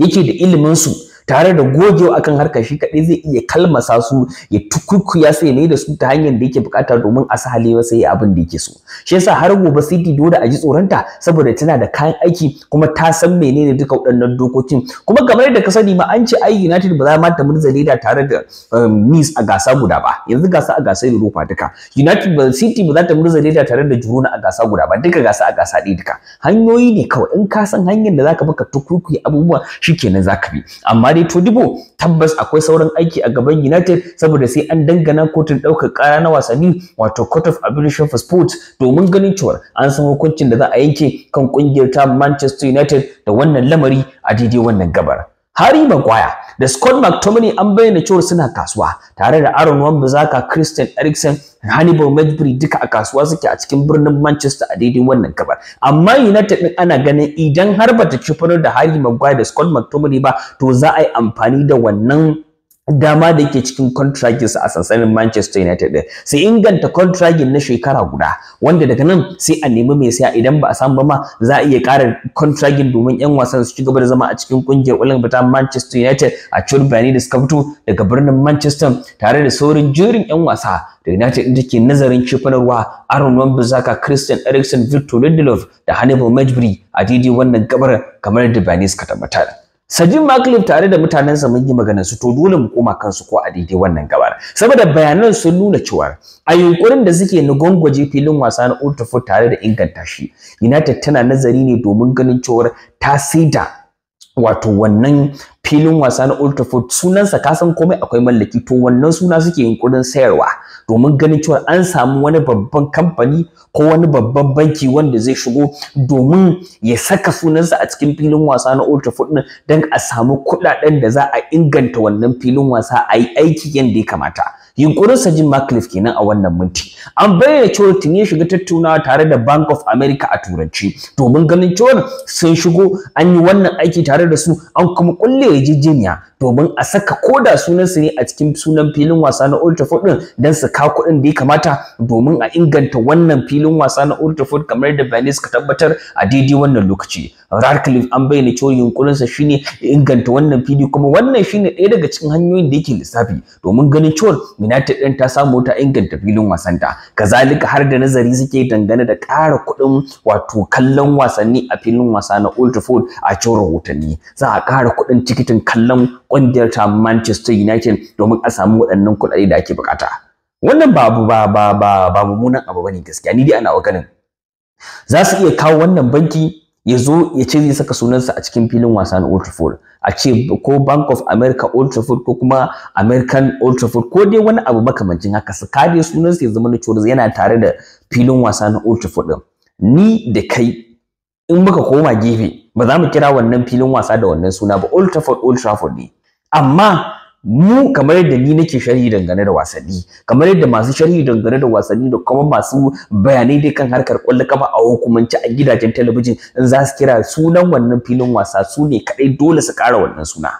yake da ilimin su tare da gojo akan harkar shi kaɗai zai iya kalmasa su ya tukukuya sai ne da su ta hanyar da yake bukata domin a sahalewa sai abin da yake so shi yasa har gobe city dole a ji tsoronta saboda tana da kayan aiki kuma ta san menene duka waɗannan dokokin kuma kamar yadda ka sani ma an ce ai united ba za ma ta murza leda tare da um, nice a gasa guda ba yanzu gasa a gasar europa duka united ba city ba za ta murza leda tare da juruna a gasa guda ba duka gasa a gasa ɗaya duka hanyoyi ne kawai in ka san hanyar da zaka baka tukukuya abubuwa shikenan zaka bi amma to dubo tabbas akwai sauran aiki a gaban United saboda sai an dangana kotun ɗaukar ƙara na wasanni wato Court of Arbitration for Sports domin ganin cewa an san hukuncin da za a yanke kan ƙungiyar ta Manchester United da wannan lamari a daidai wannan gabar. Harry Maguire da Scott McTominay an bayyana cewa suna kasuwa tare da Aaron Wan-Bissaka, Christian Eriksen, Hannibal Medbury duka a kasuwa suke a cikin birnin Manchester a daidai wannan gabar. Amma United din ana ganin idan har bata ci da Harry Maguire da Scott McTominay ba to za a yi amfani da wannan dama da ke cikin contragin a sansanin Manchester United sai inganta kontragin na shekara guda wanda daga nan sai a nemi mai saya idan ba a samu ba ma za a iya ƙara contragin domin yan wasan su ci gaba da zama a cikin kungiyar Ulan Bata Manchester United a cewar bayanai da suka fito daga birnin Manchester tare da saurin jerin yan wasa da United da ke nazarin cefanarwa Aaron Wan-Bissaka, Christian Eriksen, Victor Lindelof da Hannibal Majbury a daidai wannan gabar kamar da bayanai suka tabbatar. Sajin Maklif tare da mutanensa mun yi maganar su to dole mu koma kansu ko a daidai wannan gabar. Saboda bayanan sun nuna cewa a yunkurin da suke na gwangwaje filin wasa na Old Trafford tare da inganta shi, United tana nazari ne domin ganin cewa ta saida wato wannan filin wasa na Old Trafford sunansa ka san komai akwai mallaki to wannan suna suke yunkurin sayarwa domin ganin cewa an samu wani babban kamfani ko wani babban banki wanda zai shigo domin ya saka sunansa a cikin filin wasa na Old Trafford din dan a samu kuɗaɗen da za a inganta wannan filin wasa a yi aiki yadda ya kamata yunkurin Sajin Markliff kenan a wannan minti an bayyana cewa tun ya shiga tattaunawa tare da Bank of America a turanci domin ganin cewa sun shigo an yi wannan aiki tare da su an kuma kulle yarjejeniya domin a saka koda sunan su ne a cikin sunan filin wasa na Old Trafford din dan su ka kuɗin da ya kamata domin a inganta wannan filin wasa na Old Trafford kamar da Banis ka tabbatar a daidai wannan lokaci Radcliffe an bayyana cewa yunkurin sa shine inganta wannan fili kuma wannan shine ɗaya daga cikin hanyoyin da yake lissafi domin ganin cewa United din ta samu ta inganta filin wasanta kazalika har da nazari suke dangane da ƙara kuɗin wato kallon wasanni a filin wasa na Old Trafford a cikin rahotanni za a ƙara kuɗin tikitin kallon kungiyar ta Manchester United domin a samu waɗannan kuɗaɗe da ake bukata wannan ba ba ba ba ba mummunan abu bane gaskiya ni dai ana ganin za su iya kawo wannan banki ya zo ya ce zai saka sunansa a cikin filin wasa na Old Trafford a ce ko Bank of America Old Trafford ko kuma American Old Trafford ko dai wani abu makamancin haka su kare sunansa ya zama na cewa yana tare da filin wasa na Old Trafford din ni da kai in muka koma gefe ba za mu kira wannan filin wasa da wannan suna ba Old Trafford Old Trafford ne amma mu kamar yadda ni nake sharhi dangane da wasanni kamar yadda masu sharhi dangane da wasanni da kuma masu bayanai dai kan harkar kwallo kama a hukumance a gidajen talabijin in za su kira sunan wannan filin wasa su ne kadai dole su kara wannan suna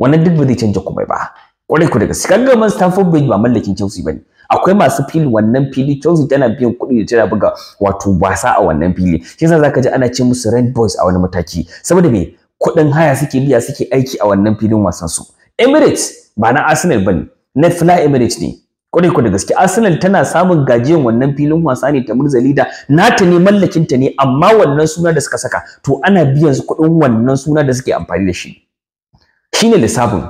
wannan duk ba zai canja komai ba kwarai ku daga sikan masu Stamford Bridge ba mallakin Chelsea bane akwai masu fili wannan fili Chelsea tana biyan kuɗi da tana buga wato wasa a wannan fili shi yasa zaka ji ana ce musu Red Boys a wani mataki saboda me kuɗin haya suke biya suke aiki a wannan filin wasan su Emirates ba na Arsenal bane na Fly Emirates ne kwarai ku da gaske Arsenal tana samun gajiyan wannan filin wasa ne ta murzali da nata ne mallakinta ne amma wannan suna da suka saka to ana biyan su kuɗin wannan suna da suke amfani da shi Shi ne lissafin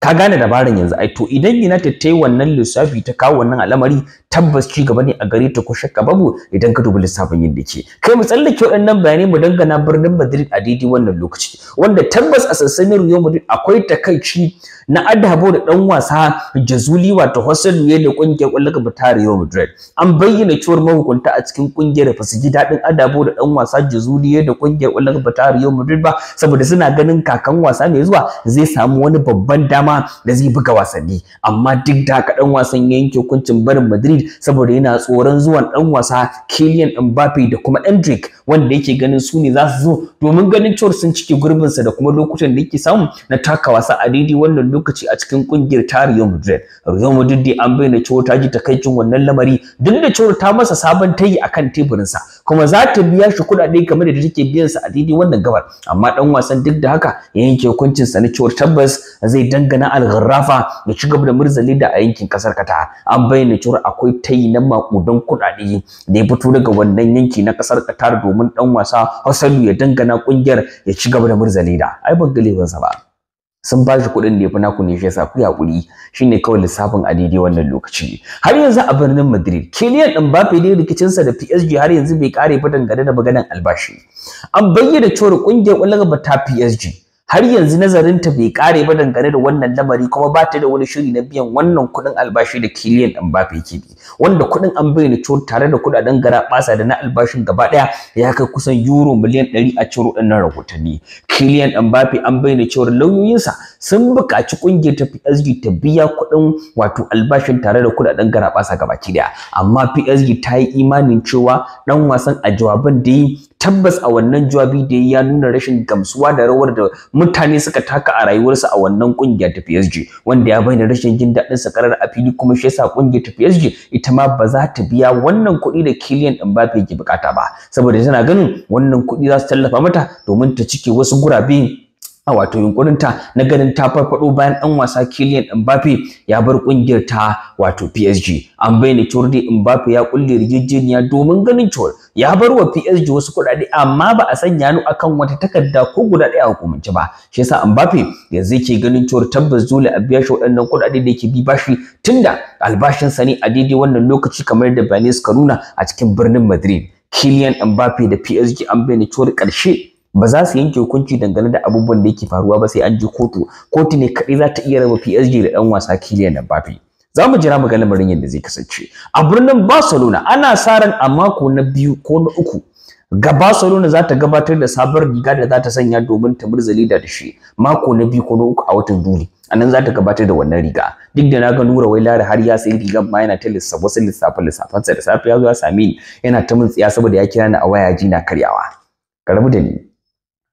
ka gane dabaran yanzu ai to idan United ta yi wannan lissafi ta kawo wannan al'amari tabbas ci gaba ne a gare ta ko shakka babu idan ka dubi lissafin yadda ke kai mu tsallake waɗannan bayanai mu dangana birnin Madrid a daidai wannan lokaci wanda tabbas a sassanin Real Madrid akwai takaici na adabo da dan wasa Jazuli wato Hossein Luye da kungiyar kwallon kafa ta Real Madrid an bayyana cewar mahukunta a cikin kungiyar fa su ji daɗin adabo da dan wasa Jazuli da kungiyar kwallon kafa ta Real Madrid ba saboda suna ganin kakan wasa mai zuwa zai samu wani babban dama dama da zai buga wasanni amma duk da haka dan wasan ya yanke hukuncin barin Madrid saboda yana tsoron zuwan dan wasa Kylian Mbappe da kuma Endrick wanda yake ganin su ne za su zo domin ganin cewa sun cike gurbin sa da kuma lokutan da yake samu na taka wasa a daidai wannan lokaci a cikin kungiyar ta Real Madrid Real Madrid dai an bayyana cewa ta ji takaicin wannan lamari duk da cewa ta masa sabon tayi akan sa. kuma za ta biya shi kuɗaɗe kamar da take biyan sa a daidai wannan gabar amma ɗan wasan duk da haka ya yanke hukuncin sa na cewar tabbas zai dangana al ya ci da murzali da a yankin ƙasar Qatar an bayyana cewar akwai tayi na makudan kuɗaɗe da ya fito daga wannan yanki na ƙasar Qatar domin dan wasa Hassanu ya dangana ƙungiyar ya ci gaba da murzali da ai ban gale ba sun ba shi kuɗin da ya naku ne shi yasa ku yaƙuri shine kawai lissafin a daidai wannan lokaci har yanzu a birnin Madrid Kylian Mbappe dai rikicinsa da PSG har yanzu bai kare ba dangane da maganar albashi an bayyana cewa ƙungiyar ƙwallon ta PSG har yanzu nazarinta bai kare ba dangane da wannan lamari kuma ba ta da wani shiri na biyan wannan kudin albashi da Kylian Mbappe ke bi wanda kudin an baina cewa tare da kudaden gara basa da na albashin gaba daya ya kai kusan euro miliyan 100 a ciro ɗannan rahotanni Kylian Mbappe an cewar cewa sa sun buƙaci ƙungiyar ta PSG ta biya kudin wato albashin tare da kudaden gara basa gaba daya. amma PSG ta yi imanin cewa dan wasan a jawaban da tabbas a wannan jawabi da ya nuna rashin gamsuwa da rawar da mutane suka taka a rayuwarsa a wannan kungiya ta PSG wanda ya bayyana rashin jin daɗin sa karar a fili kuma shi yasa kungiya ta PSG ita ma ba za ta biya wannan kuɗi da Kylian Mbappe ke bukata ba saboda tana ganin wannan kuɗi za su tallafa mata domin ta cike wasu gurabe a wato yunkurinta na ganin ta farfado bayan ɗan wasa Kylian Mbappe ya bar ƙungiyar ta wato PSG an bayyana cewa dai Mbappe ya kulle rigijiniya domin ganin cewar ya bar wa PSG wasu kuɗaɗe amma ba a sanya nu akan wata takarda ko guda ɗaya a hukumance ba shi yasa Mbappe yanzu yake ganin cewar tabbas dole a biya shi waɗannan kuɗaɗe da yake bi bashi tunda albashinsa ne a daidai wannan lokaci kamar da bayanai suka nuna a cikin birnin Madrid Kylian Mbappe da PSG an bayyana cewa ƙarshe ba za su yanke hukunci dangane da abubuwan da yake faruwa ba sai an je kotu kotu ne kaɗai za ta iya raba PSG da ɗan wasa Kylian Mbappe za mu jira mu ga lamarin yadda zai kasance a birnin Barcelona ana sa ran a mako na biyu ko na uku ga Barcelona za ta gabatar da sabar riga da za ta sanya domin ta murzali da shi mako na biyu ko na uku a watan Juli anan za ta gabatar da wannan riga duk da na ga Nura wai Lari har ya sai rigar ma yana ta lissafa wasu lissafa da safe ya zo ya yana ta mun tsiya saboda ya kira ni a waya ji na karyawa karamu da ni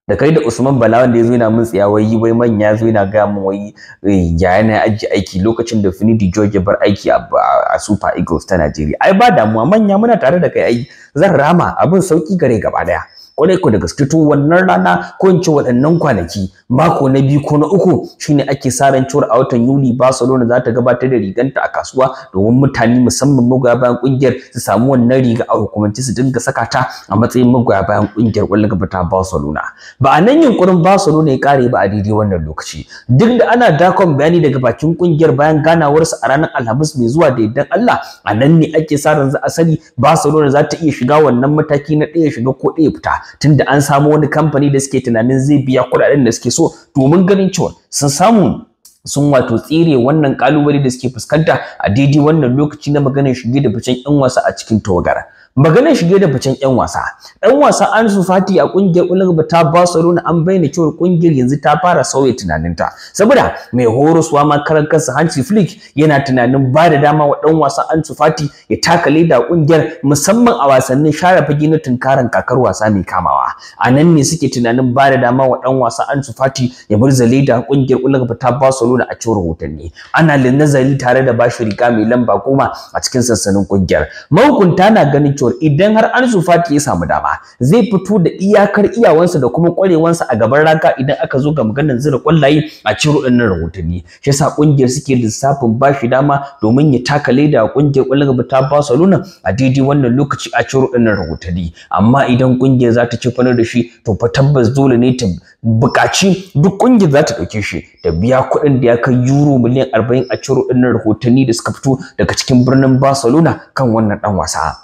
da kai da Usman Bala wanda ya yana min tsaya wai wai manya zo yana ga mun wai eh, ya yana aji aiki lokacin da Finidi George bar aiki a Super Eagles ta Najeriya ai ba damuwa manya muna tare da kai ai zan rama abin sauki gare gaba daya kwarai ko da gaske to wannan rana ko in ce waɗannan kwanaki mako na biyu ko na uku shine ake sa ran cewa a watan Yuli Barcelona za ta gabatar da riganta a kasuwa domin mutane musamman magoya bayan kungiyar su samu wannan riga a hukumance su dinga saka ta a matsayin magoya bayan kungiyar kwallon gaba ta Barcelona ba a nan yunkurin Barcelona ya kare ba a daidai wannan lokaci duk da ana dakon bayani daga bakin kungiyar bayan ganawar su a ranar Alhamis mai zuwa da idan Allah a nan ne ake sa ran za a sani Barcelona za ta iya shiga wannan mataki na ɗaya shiga ko ɗaya fita tunda an samu wani kamfani da suke tunanin zai biya kuɗaɗen da suke so domin ganin cewa sun samu sun wato tsire wannan kalubale da suke fuskanta a daidai wannan lokaci na maganar shige da ficen yan wasa a cikin tawagara maganar shige da ficen yan wasa ɗan wasa Ansu Fati a kungiyar Ulurba ta Barcelona an bayyana cewa kungiyar yanzu ta fara sauya tunaninta saboda mai horoswa ma karan kansa Hansi Flick yana tunanin ba da dama wa ɗan wasa Ansu Fati ya taka leda kungiyar musamman a wasannin share fage na tunkaran kakar wasa mai kamawa a nan ne suke tunanin ba da dama wa ɗan wasa Ansu Fati ya burza leda kungiyar Ulurba ta Barcelona a cikin rahotanni ana nazari tare da bashi riga mai lamba goma a cikin sansanin kungiyar mahukunta na ganin fitowar idan har an Fati ya samu dama zai fito da iyakar iyawansa da kuma kwarewansa a gaban raka idan aka zo ga maganar zira kwallaye a ciro ɗannan rahotanni shi yasa kungiyar suke lissafin ba shi dama domin ya taka leda kungiyar kwallon gaba ta Barcelona a didi wannan lokaci a ciro ɗannan rahotanni amma idan kungiyar za ta ci fanar da shi to fa tabbas dole ne ta buƙaci duk kungiyar za ta ɗauke shi da biya kuɗin da ya kai euro miliyan 40 a ciro ɗannan rahotanni da suka fito daga cikin birnin Barcelona kan wannan ɗan wasa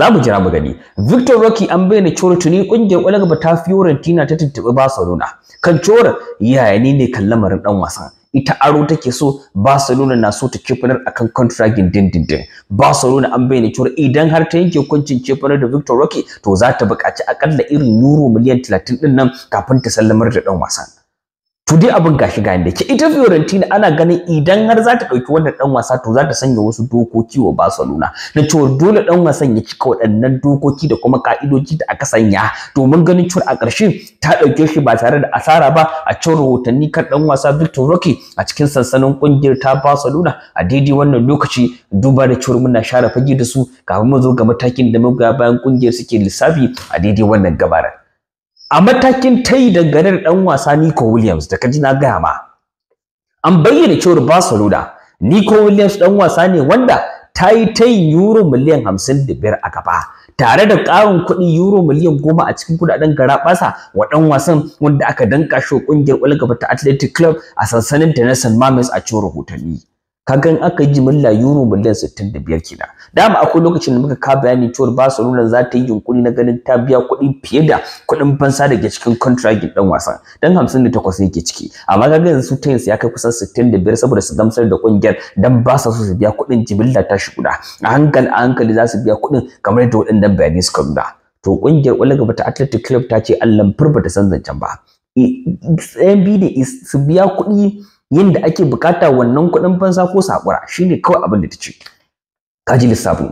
za mu jira mu gani Victor Rocky an bayyana Choro tuni kungiyar olga ta Fiorentina ta tuntuɓi Barcelona kan Choro yaya ne ne kan lamarin dan wasa. ita aro take so Barcelona na so ta cefanar akan contract dindindin Barcelona an bayyana cewa idan har ta yanke hukuncin cefanar da Victor Roque to za ta buƙaci akalla irin euro miliyan 30 din nan kafin ta sallamar da dan wasan to dai abin gashi ga yanda ke ita Fiorentina ana ganin idan har za ta ɗauki wannan ɗan wasa to za ta sanya wasu dokoki wa Barcelona na cewa dole ɗan wasan ya cika waɗannan dokoki da kuma ka'idoji da aka sanya domin ganin cewa a ƙarshe ta ɗauke shi ba tare da asara ba a cikin rahotanni kan ɗan wasa Victor Roque a cikin sansanin ƙungiyar ta Barcelona a daidai wannan lokaci duba da cewa muna share fage da su kafin mu zo ga matakin da magoya bayan ƙungiyar suke lissafi a daidai wannan gabaran. a matakin tai dangane da dan wasa Nico Williams da kaji na gaya ma an bayyana cewar Barcelona Nico Williams dan wasa ne wanda ta yi ta euro miliyan hamsin da biyar a gaba tare da ƙarin kuɗi euro miliyan goma a cikin kuɗaɗen garaɓasa wa ɗan wasan wanda aka danka shi ƙungiyar ƙwallon ta Athletic Club a sansanin ta na San a cikin rahotanni. kagan aka yi jimilla euro miliyan 65 kenan dama akwai lokacin da muka ka bayani cewa Barcelona za ta yi yunkuri na ganin ta biya kuɗi fiye da kuɗin fansa da ke cikin contract ɗan wasan dan 58 yake ciki amma kaga yanzu Tens ya kai kusan 65 saboda su gamsar da kungiyar dan ba sa so su biya kuɗin jimilla ta shi guda a hankali a hankali za su biya kuɗin kamar yadda waɗannan bayanai suka nuna to kungiyar ƙwallon ta Athletic Club ta ce Allah furba ta san zancen ba. E, NBA ne su biya kuɗi yadda ake bukata wannan kudin banza ko sakura shine kawai abin da tace kaji lissafi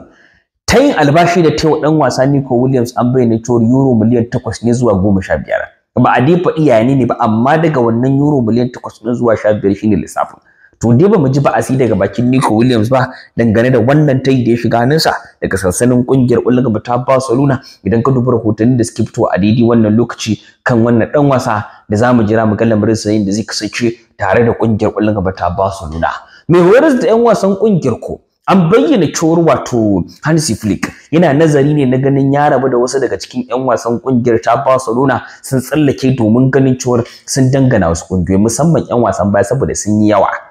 ta yin albashi da tewa ɗan wasa Nico Williams an bayyana cewa euro miliyan takwas ne zuwa goma sha biyar ba a dai faɗi yayane ne ba amma daga wannan euro miliyan takwas ɗin zuwa sha biyar shine lissafin to dai ba mu ji ba'asi daga bakin Nico Williams ba dangane da wannan tayi da ya shiga hannunsa daga sansanin kungiyar Ulga ta Barcelona idan ka duba rahotanni da suke fitowa a daidai wannan lokaci kan wannan ɗan wasa da za mu jira mu ga lamarin sa da zai kasance tare da kungiyar Ulga ta Barcelona mai horas da yan wasan kungiyar ko an bayyana cewar wato Hansi Flick yana nazari ne na ganin ya rabu da wasu daga cikin 'yan wasan kungiyar ta Barcelona sun tsallake domin ganin cewar sun dangana wasu kungiyoyi musamman 'yan wasan baya saboda sun yi yawa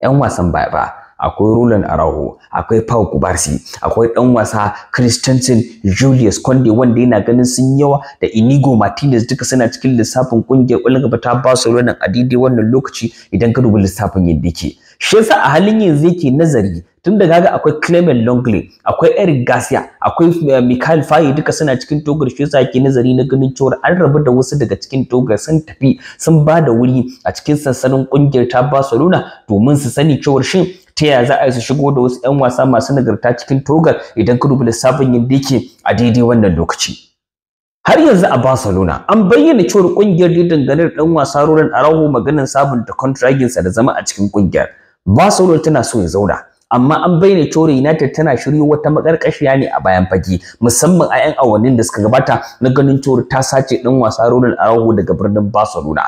'yan wasan baba akwai Roland Araujo akwai Pau Kubarsi akwai ɗan wasa Christensen Julius Conde wanda yana ganin sun yawa da Inigo Martinez duka suna cikin lissafin ƙungiyar ƙwallon gaba ta Barcelona a daidai wannan lokaci idan ka dubi lissafin yadda yake shi yasa a halin yanzu yake nazari tun da gaga akwai Clement Longley akwai Eric Garcia akwai eh, Michael Faye duka suna cikin togar shi yasa ake nazari na ganin cewar an rabu da wasu daga cikin togar sun tafi sun ba da wuri a cikin sansanin kungiyar ta Barcelona domin su sani cewa shin ta yaya za a yi su shigo da wasu 'yan wasa masu nagarta cikin togar idan ka dubi lissafin yadda yake a daidai wannan lokaci. har yanzu a Barcelona an bayyana cewar kungiyar dangane da ɗan wasa Ronald Araujo maganin sabunta contractinsa da zama a cikin kungiyar Barcelona tana so ya zauna amma an bayyana cewa United tana shiryo wata makarkashiya ne a bayan fage musamman a 'yan awannin da suka gabata na ganin cewa ta sace ɗan wasa Ronald Araujo daga birnin Barcelona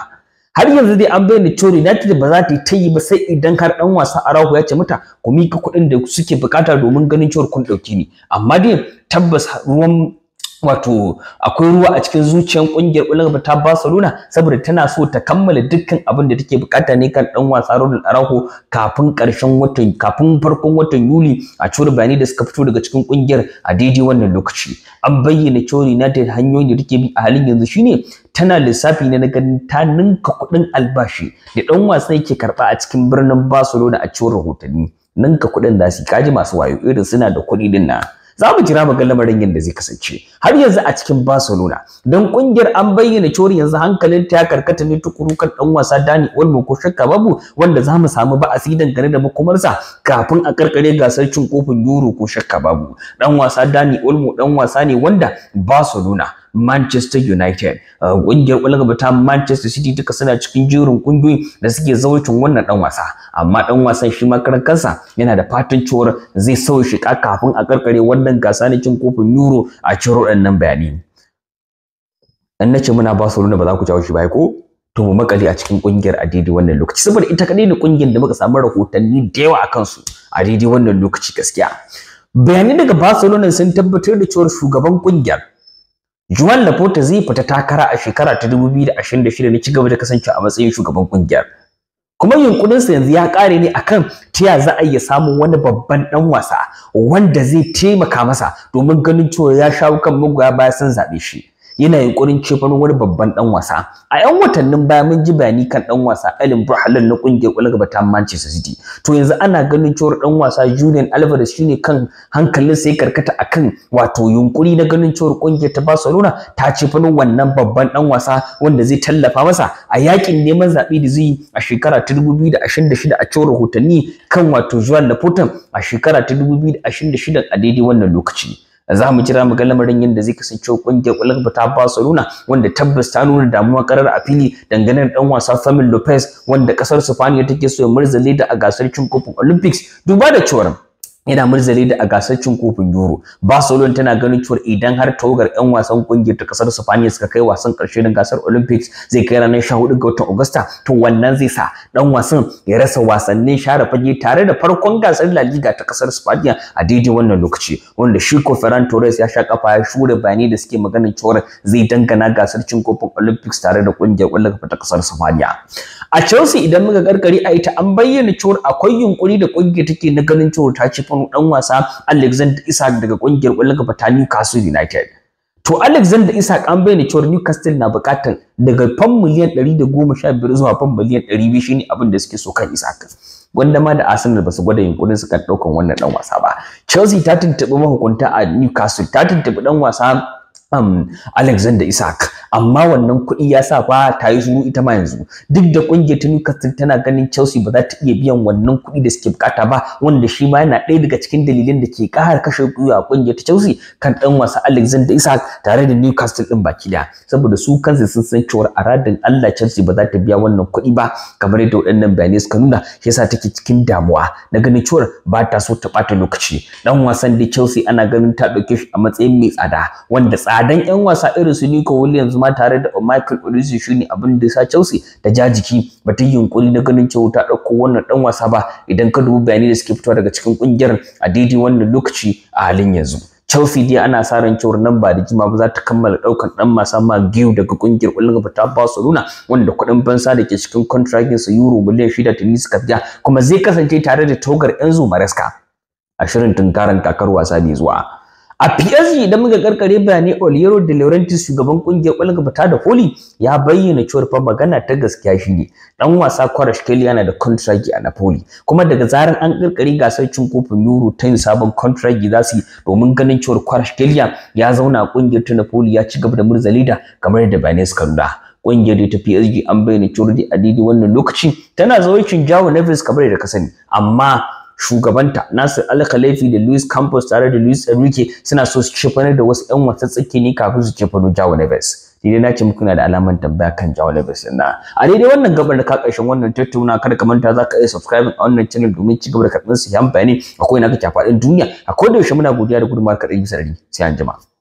har yanzu dai an bayyana cewa United ba za ta ta yi ba sai idan har ɗan wasa Araujo ya ce mata ku mika kuɗin da suke bukata domin ganin cewa kun ɗauki ni amma dai tabbas ruwan wato akwai ruwa a cikin zuciyar kungiyar Ulama ta Barcelona saboda tana so ta kammala dukkan abin da take bukata ne kan dan wasa Ronald Araujo kafin karshen watan kafin farkon watan Yuli a cewar bayanai da suka fito daga cikin kungiyar a daidai wannan lokaci an bayyana cewar United hanyoyin da take bi a halin yanzu shine tana lissafi ne na ganin ta ninka kuɗin albashi da dan wasa yake karba a cikin birnin Barcelona a cewar rahotanni ninka kuɗin da su kaji masu wayo irin suna da kuɗi din na za mu jira mu ga lamarin yadda zai kasance har yanzu a cikin Barcelona don kungiyar an bayyana cewar yanzu hankalin ta karkata ne tukuru kan dan wasa Dani Olmo ko shakka babu wanda za mu samu ba asidan gane da makomarsa kafin a karkare gasar cin kofin Euro ko shakka babu dan wasa Dani Olmo dan wasa ne wanda Barcelona Manchester United kungiyar uh, kwallon ta Manchester City duka suna cikin jerin kungiyoyi da suke zaucin wannan dan wasa amma dan wasan shi ma kansa yana da fatan cewa zai sau shi kafin a karkare wannan gasa na cin kofin Euro a ciro nan bayani in nace muna Barcelona ba za ku jawo shi ba ko to mu makale a cikin kungiyar a daidai wannan lokaci saboda ita kadai ne kungiyar da muka samu rahotanni da yawa akan su a daidai wannan lokaci gaskiya bayanai daga Barcelona sun tabbatar da cewa shugaban kungiyar Juan Laporta zai fita takara a shekara ta 2026 ne cigaba da kasance a matsayin shugaban kungiyar. Kuma yunƙurinsa yanzu ya kare ne akan ta za a iya samun wani babban dan wasa wanda zai taimaka masa domin ganin cewa ya shawo kan magoya baya sun zaɓe shi. yana yunkurin cefan wani babban dan wasa a yan watannin baya mun ji bayani kan dan wasa Alin Brahlan na kungiyar kwalaba ta Manchester City to yanzu ana ganin cewa dan wasa Julian Alvarez shine kan hankalin sai karkata akan wato yunkuri na ganin cewa kungiyar ta Barcelona ta cefan wannan babban dan wasa wanda zai tallafa masa a yakin neman zabe da zai a shekara ta 2026 a cewa rahotanni kan wato Joan Laporta a shekara ta 2026 a daidai wannan lokaci za mu kira mu ga lamarin yadda zai kasance kungiyar Ulrika ta Barcelona wanda tabbas ta nuna damuwa karar a fili dangane da dan wasa samuel Lopez wanda kasar Spain take so ya murzale da a gasar cin kofin Olympics duba da cewar yana murzali da a gasar cin kofin Euro. Barcelona tana ganin cewa idan har tawagar 'yan wasan kungiyar ta kasar Spain suka kai wasan karshe na gasar Olympics zai kai ranar sha hudu ga watan Agusta to wannan zai sa dan wasan ya rasa wasannin share fage tare da farkon gasar La Liga ta kasar Spain a daidai wannan lokaci wanda shi ko Ferran Torres ya sha kafa ya shure bayani da suke maganin cewa zai dangana gasar cin kofin Olympics tare da kungiyar kwallon kafa ta kasar Spain. A Chelsea idan muka gargari a ita an bayyana cewa akwai yunkuri da kungiyar take na ganin cewa ta ci wani dan wasa Alexander Isak daga kungiyar kwallon kafa ta Newcastle United to Alexander Isak an bayyana cewa Newcastle na bukatar daga fam miliyan 115 zuwa fam miliyan 200 shine abin da suke so kan Isak wanda ma da Arsenal basu gwada yunkurin su kan daukan wannan dan wasa ba Chelsea ta tuntubi mahukunta a Newcastle ta tuntubi dan wasa um, Alexander Isaac amma wannan kuɗi ya sa fa ta yi zuru ita ma yanzu duk da ƙungiyar ta Newcastle tana ganin Chelsea ba za ta iya biyan wannan kuɗi da suke bukata ba wanda shi ma yana ɗaya daga cikin dalilin da ke ƙara kashe gwiwa ƙungiyar ta Chelsea kan ɗan wasa Alexander Isaac tare da Newcastle ɗin baki da, saboda su kansu sun san cewa radin Allah Chelsea ba za ta biya wannan kuɗi ba kamar yadda waɗannan bayanai suka nuna shi yasa take cikin damuwa na ganin cewa ba ta so ta ɓata lokaci ɗan wasan da Chelsea ana ganin ta ɗauke shi a matsayin mai tsada wanda tsa dan yan wasa irin su Nico Williams ma tare da Michael Olise shine abin da sa Chelsea ta ja jiki ba bata yunkuri na ganin cewa ta dauko wannan dan wasa ba idan ka dubi bayani da suke fitowa daga cikin kungiyar a daidai wannan lokaci a halin yanzu Chelsea dai ana sa ran cewa nan ba da jima ba za ta kammala daukan dan ma Magiu daga kungiyar ƙwallon ba ta Barcelona wanda kudin bansa da ke cikin contractin sa euro miliyan 6 da suka biya kuma zai kasance tare da togar Enzo Maresca a shirin tunkaran kakar wasa mai zuwa. a PSG idan muka karkare bayanai Oliero De Laurentiis shugaban kungiyar kwallon gaba da Poli ya bayyana cewa fa magana ta gaskiya shine dan wasa Kvaratskhelia yana da contract a Napoli kuma daga zaran an karkare gasar cin kofin Euro ta yin sabon contract za su domin ganin cewa Kvaratskhelia ya zauna a kungiyar ta Napoli ya ci gaba da murza kamar da bayanai suka nuna kungiyar ta PSG an bayyana cewa da daidai wannan lokacin tana zawaicin Jawo Neves kamar da ka sani amma shugabanta Nasir Al-Khalifi da Luis Campos tare da Luis Enrique suna so su cefanar da wasu 'yan wasa tsaki ne kafin su cefano Jao Neves. Dai na muku na da alaman tambaya kan Jao Neves din na. A daidai wannan gabar da ka karshen wannan tattauna kada ka manta za ka iya subscribe a wannan channel domin ci gaba da karɓar su yan bayani akwai na kake faɗin duniya a da yaushe muna godiya da gudunmawar ka ɗari bisa sarari. sai an jima.